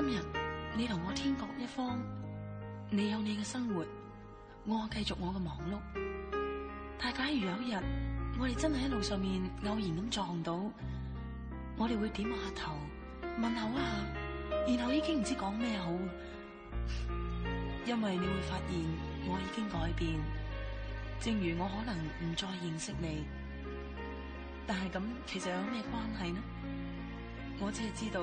今日你同我天各一方，你有你嘅生活，我繼續我嘅忙碌。但假如有一日我哋真係喺路上面偶然咁撞到，我哋會點下頭，問候一下啊，然後已經唔知講咩好，因為你會發現我已經改變，正如我可能唔再認識你，但係咁其實有咩關係呢？我只係知道。